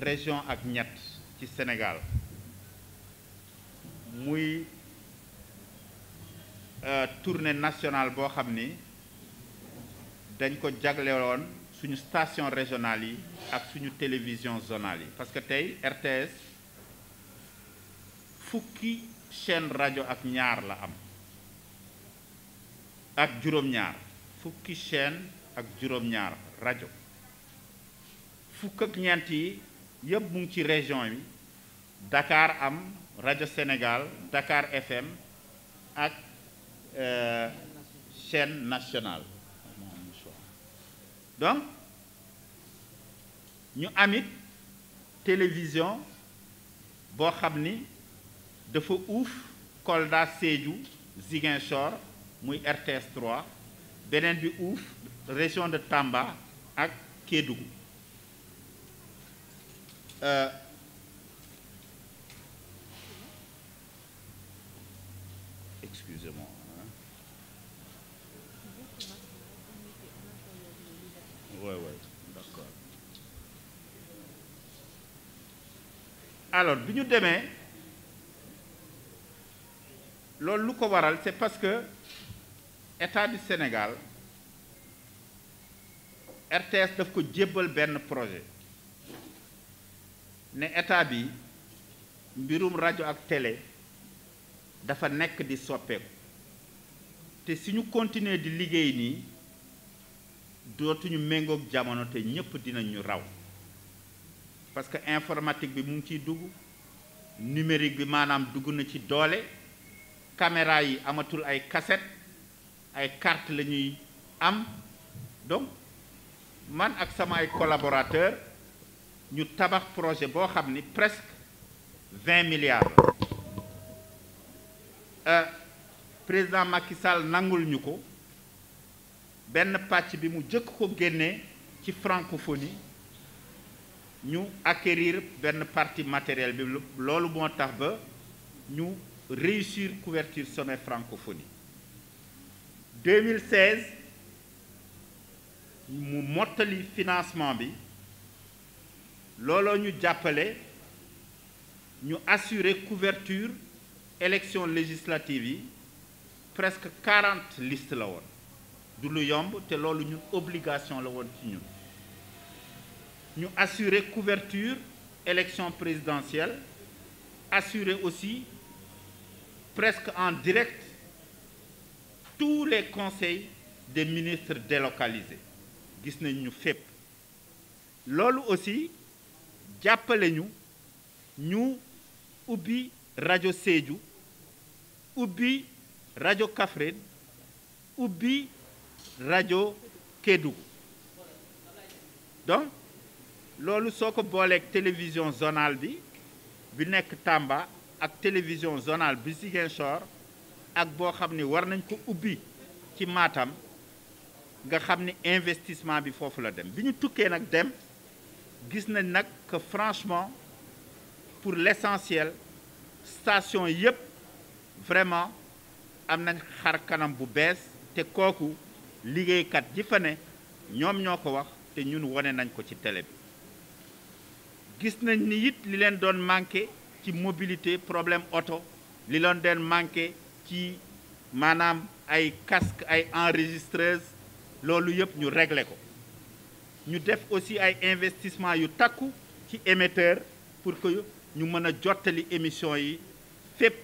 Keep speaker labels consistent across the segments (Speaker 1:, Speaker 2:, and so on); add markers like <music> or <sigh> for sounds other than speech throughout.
Speaker 1: région ak ñett ci Sénégal muy euh, tournée nationale boo xam ni dañ ko jaglewoon suñu station régionale yi ak suñu télévision zonale yi parce que tey RTS fukki chaîne rajo ak ñaar la am ak juróom-ñaar fukki chaîne ak juróom-ñaar rajo fukk ak ñeent yi yëpp mu ci région yi Dakar am rajo Sénégal Dakar FM ak euh, chaîne nationale donc ñu amit télévision boo xam ni dafa uuf Kolda Sédhiou Ziguinchor muy RTS 3 beneen bi uuf région de Tamba ak Kédougou Euh, excusez-moi ouais, ouais, d'accord alors bi ñu demee loolu lu ko waral c'est parce que état du Sénégal RTS daf ko jébbal benn projet ne état bi mbirum rajo ak télé dafa nekk di soppeeku te suñu continuer di liggéey nii dootuñu méngoog jamono te ñépp dinañu raw parce que informatique bi mu ngi ciy dugg numérique bi maanaam dugg na ci doole caméra yi amatul ay cassette ay carte la ñuy am donc man ak sama ay collaborateur ñu tabax projet boo xam ni presque vingt milliards la euh, président Macky Sall nangul ñu ko benn pàcc bi mu jëkk ko génnee ci francophonie ñu acquérir benn partie matériel bi loolu moo tax ba ñu réussir couverture sommet francophonie 2016 mu mottali financement bi looloo ñu jàppale ñu assurer couverture élection législative yi presque quarante listes la woon du lu yomb te loolu ñun obligation la woon ci ñun ñu assurer couverture élection présidentielle assurer aussi presque en direct tous les conseils des ministres délocalisés gis nañ ñu fépp loolu aussi jàppale ñu ñu ubbi rajo Sédhiou ubbi rajo Kaffrine ubbi rajo Kédougou donc loolu soo ko booleek télévision zonale bi bi nekk tàmba ak télévision zonale bi Ziguinchor ak boo xam ni war nañ ko ubbi ci maatam nga xam ni investissement bi foofu la dem bi ñu tukkee nag dem gis nañ nag que franchement pour l'essentiel station yëpp vraiment am nañ xar kanam bu bees te kooku liggéeykat ji fa ne ñoom ñoo ko wax te ñun wone nañ ko ci télé bi gis nañ ni it li leen doon manqué ci mobilité problème oto li leen doon manqué ci maanaam ay casque ay enregistreuse loolu yëpp ñu réglé ko ñu def aussi ay investissement yu takku ci émetteur pour que ñu mën a jottali émission yi fépp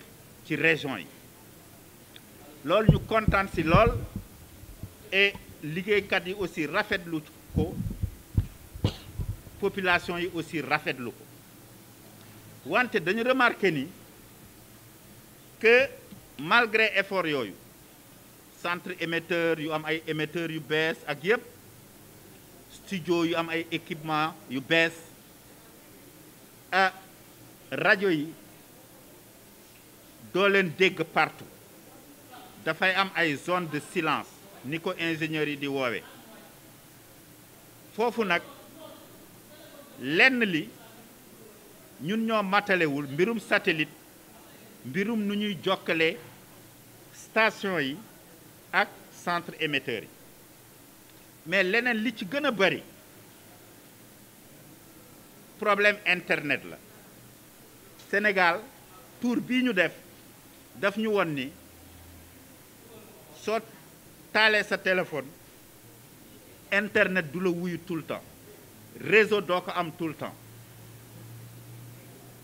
Speaker 1: ci région yi loolu ñu kontaan si lool et liggéeykat yi aussi rafetlu ko population yi aussi rafetlu ko wante dañu remarqué ni que malgré effort yooyu centre émetteur yu am ay émetteur yu bees ak yépp studio yu am ay équipement yu bees ah rajo yi doo leen dégg partout dafay am ay zone de silence ni ko ingénieurs yi di woowe foofu nag lenn li ñun ñoo matalewul mbirum satellite mbirum nu ñuy jokkale station yi ak centre émetteur yi mais leneen li ci gën a bari problème internet la Sénégal tour bii ñu def daf ñu won ni soo taalee sa téléphone internet du la wuyu tout le temps doo ko am tout temps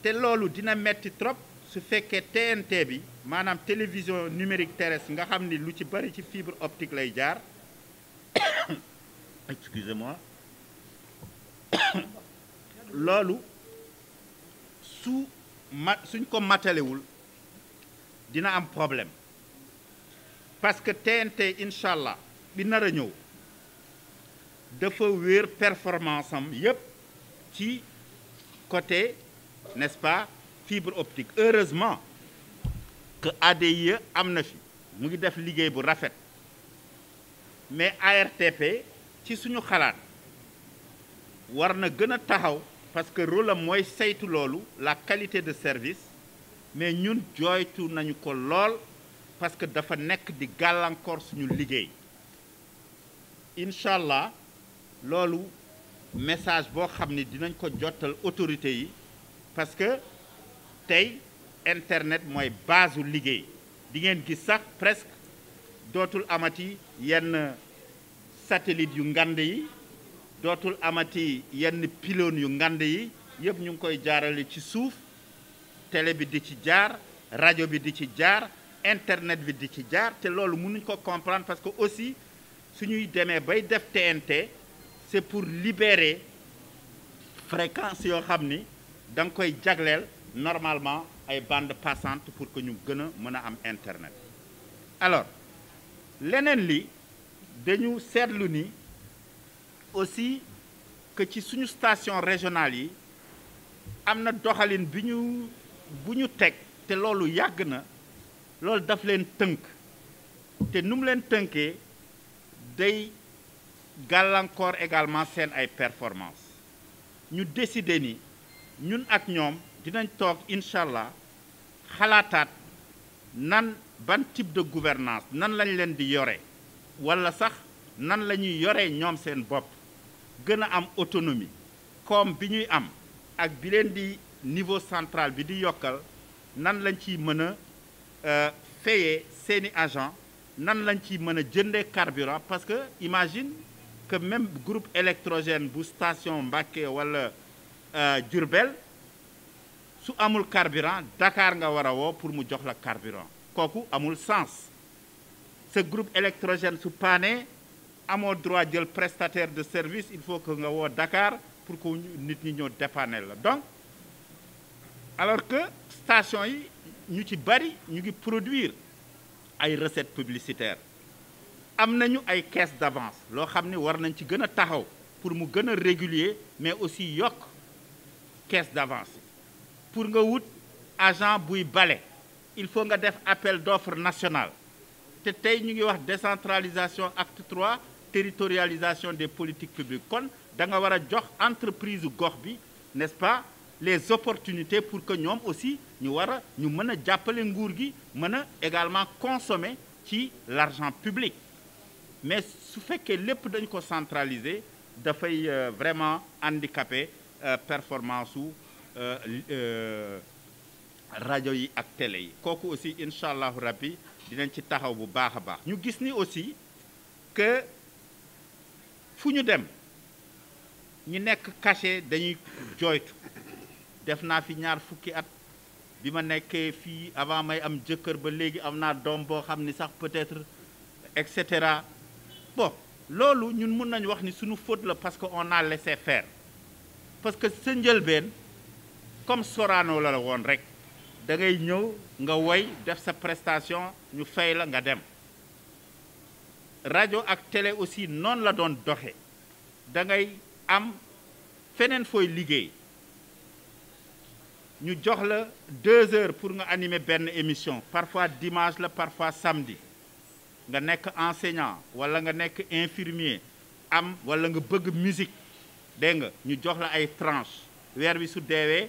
Speaker 1: te loolu dina metti trop su fekkee TNT bi maanaam télévision numérique terrestre nga xam ni lu ci bari ci fibre optique lay jaar excusez-moi <coughs> loolu su ma suñ ko matalewul dina am problème parce que TNT incha allah bi nar a ñëw dafa wéer performance am yépp ci côté n'est-ce pas fibre optique heureusement que ADIE am na fi mu ngi def liggéey bu rafet mais ARTP ci suñu xalaat war na gën a taxaw parce que rôle mooy saytu loolu la qualité de service mais ñun jooytu nañu ko lool parce que dafa nekk di gàllankoor suñu liggéey incha allah loolu message boo xam ni dinañ ko jottal autorité yi parce que tey internet mooy base liggéey di ngeen gis sax presque dootul amati yenn satellite yu ngand yi dootul amati yenn pylône yu ngande yi yëpp ñu ngi koy jaarale ci suuf télé bi di ci jaar rajo bi di ci jaar internet bi di ci jaar te loolu mënuñ ko comprendre parce que aussi suñuy demee bay def TNT c'est pour libérer fréquence yoo xam ni da nga koy jagleel normalement ay bande passante pour que ñu gën a mën a am internet alors leneen li dañu seetlu ni aussi que ci suñu station régionale yi am na doxalin bi ñu bu ñu teg te loolu yàgg na loolu daf leen tënk te nu leen tënkee day gàllankoor également seen ay performance ñu décider ni ñun ak ñoom dinañ toog incha allah xalaataat nan ban type de gouvernance nan lañ leen di yore wala sax nan la ñuy yoree ñoom seen bopp gën a am autonomie koom bi ñuy am ak bi leen di niveau centrale bi di yokkal nan lañ ciy mën a euh, fayee seeni agent nan lañ ciy mën a jëndee carburant parce que imagine que même groupe électrogène bu station Mbacké wala euh, Diourbel su amul carburant dakaar nga war a woo pour mu jox la carburant kooku amul sens sa groupe électrogène su paane amoo droit jël prestataire de service il faut que nga woo dakaar pour que nit ñi ñëw dépanner la donc alors que station yi ñu ci bari ñu ngi produire ay recettes publicitaire am nañu ay caisse d'avance loo xam ni war nañ ci gën a taxaw pour mu gën a régulier mais aussi yokk caisse d'avance pour nga wut agent buy bale il faut nga def appel d'offre national te tey ñu ngi wax décentralisation acte trois territorialisation des politiques publiques kon danga nga war a jox entreprise gox bi n'est-ce pas les opportunités pour que ñoom aussi ñu war a ñu mën a jàppale nguur gi mën a également consommer ci l'argent public mais su fekkee lépp dañ ko centraliser dafay euh, vraiment handicapé euh, performance su euh, rajo yi ak télé yi kooku aussi incha allahu rabbi dinañ ci taxaw bu baax a baax ñu gis ni aussi que fu ñu dem ñi nekk caché dañuy jooytu def naa fi ñaar fukki at bi ma nekkee fii avant may am jëkkër ba léegi am naa doom boo xam ni sax peut-être et cetera bon loolu ñun mun nañu wax ni suñu fóot la parce que on a laissé faire parce que sa njëlbeen comme Sorano la la woon rek da ngay ñëw nga woy def sa prestation ñu fay la nga dem rajo ak tele aussi noonu la doon doxe da ngay am feneen fooy liggéey ñu jox la deux heures pour nga animer benn émission parfois dimanche la parfois samedi nga nekk enseignant wala nga nekk infirmier am wala nga bëgg musique dégg nga ñu jox la ay tranche weer wi su deewee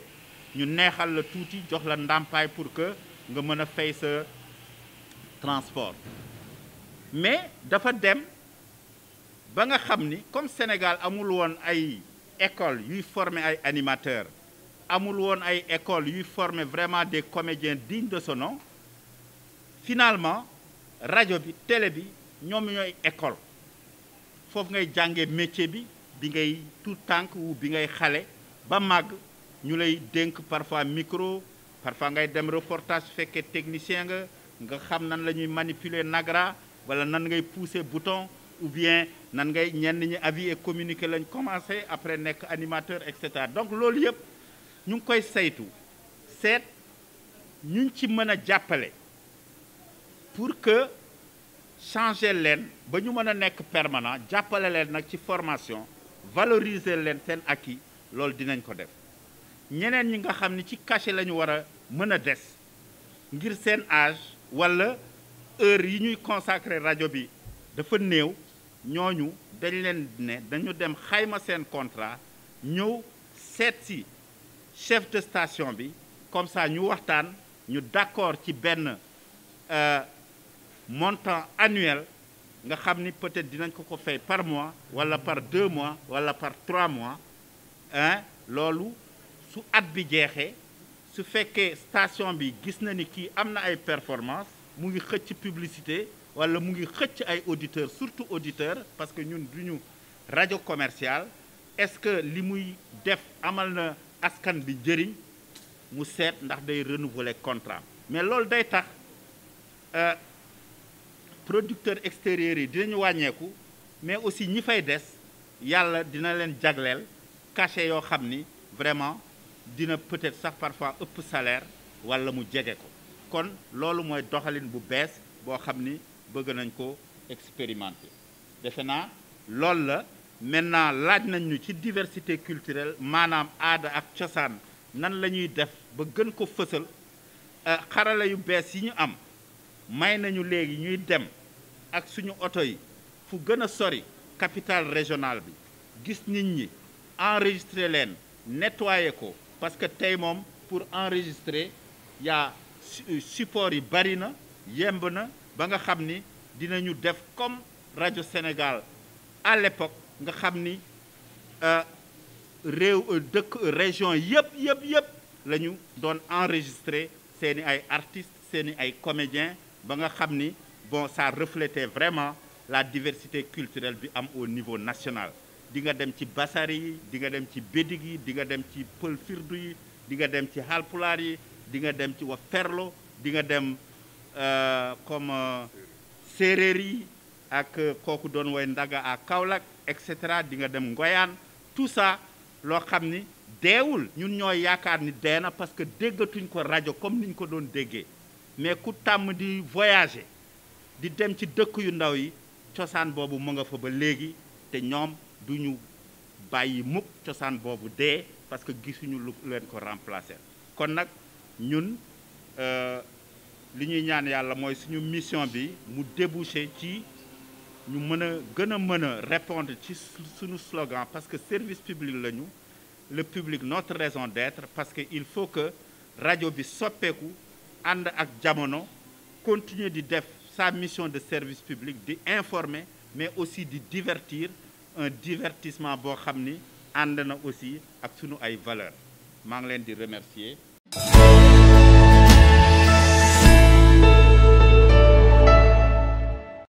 Speaker 1: ñu neexal la tuuti jox la ndàmpaay pour que nga mën a fay sa transport mais dafa dem ba nga xam ni comme Sénégal amul woon ay école yuy former ay animateurs amul woon ay école yuy former vraiment des comédiens dignes de ce finalement rajo bi télé bi ñoom ñooy école foofu ngay jànge métier bi bi ngay tout tànk wu bi ngay xale ba màgg ñu lay dénk parfois micro parfois ngay dem reportage su fekkee technicien nga nga xam nan la ñuy manipuler Nagra wala nan ngay pousser bouton ou bien nan ngay ñenn ñi avis et communiqué lañ commencé après nekk animateur et cetera donc loolu yëpp ñu ngi koy saytu seet ñu ci mën a jàppale pour que changer leen ba ñu mën a nekk permanent jàppale leen nag ci formation valoriser leen seen acquis loolu dinañ ko def. ñeneen ñi nga xam ni ci cachet la ñu war a mën a des ngir seen age wala heure yi ñuy consacré rajo bi dafa néew ñoo ñu dañ leen ne dañu dem xayma seen contrat ñëw seet si chef de station bi comme ça ñu waxtaan ñu d'accord ci benn euh, montant annuel nga xam ni peut-être dinañ ko ko fay par mois wala par deux mois wala par trois mois hein loolu su at bi jeexee su fekkee station bi gis na ni kii am na ay performance mu ngi xëcc publicité wala mu ngi xëcc ay auditeurs surtout auditeurs parce que ñun duñu rajo commercial est-ce que li muy def amal na askan bi njëriñ mu seet ndax day renouveler contrat mais loolu day tax euh, producteurs extérieurs yi dinañu wàññeeku mais aussi ñi fay des yàlla dina leen jagleel cachet yoo xam ni vraiment dina peut-être sax parfois ëpp salaire walla mu jege ko kon loolu mooy doxalin bu bees boo xam ni bëgg nañ ko expérimenter defe naa loolu la maintenant laaj nañ ñu ci diversité culturel maanaam aada ak cosaan nan la ñuy def ba gën ko fësal euh, xarala yu bees yi ñu am may nañu léegi ñuy dem ak suñu oto yi fu gën a sori capitale régional bi gis nit ñi enregistrer leen nettoyer ko parce que tey moom pour enregistrer yaa euh, support yi bari na yemb na ba nga xam ni dinañu def comme rajo Sénégal à l'époque nga xam ni euh, réew euh, dëkk région yëpp yëpp yëpp la ñu doon enregistrer seeni ay artistes seeni ay comédiens ba nga xam ni bon ça reflétait vraiment la diversité culturelle bi am au niveau national di nga dem ci basar yi di nga dem ci bédig yi di nga dem ci pël firdu yi di nga dem ci halpulaar yi di nga dem ci wa ferlo di nga dem euh, comme euh, séeréer yi ak euh, kooku doon woy ndaga à Kaolack et cetera di nga dem ngoyaan tout ça loo xam ni deewul ñun ñoo yaakaar ni dee na parce que déggatuñ ko rajo comme niñ ko doon déggee mais ku tàmm di voyager di dem ci dëkk yu ndaw yi cosaan boobu mu nga fa ba léegi te ñoom du ñu bàyyi mukk cosaan boobu dee parce que gisuñu lu leen ko remplacer kon nag ñun euh, li ñuy ñaan yàlla mooy suñu mission bi mu déboucher ci ñu mën a gën a mën a répondre ci suñu slogan parce que service public lañu le public notre raison d'être parce que il faut que rajo bi soppeeku ànd ak jamono continuer di def sa mission de service public di informer mais aussi di divertir un divertissement boo xam ni ànd na aussi ak sunu ay valeur maa ngi leen di remercier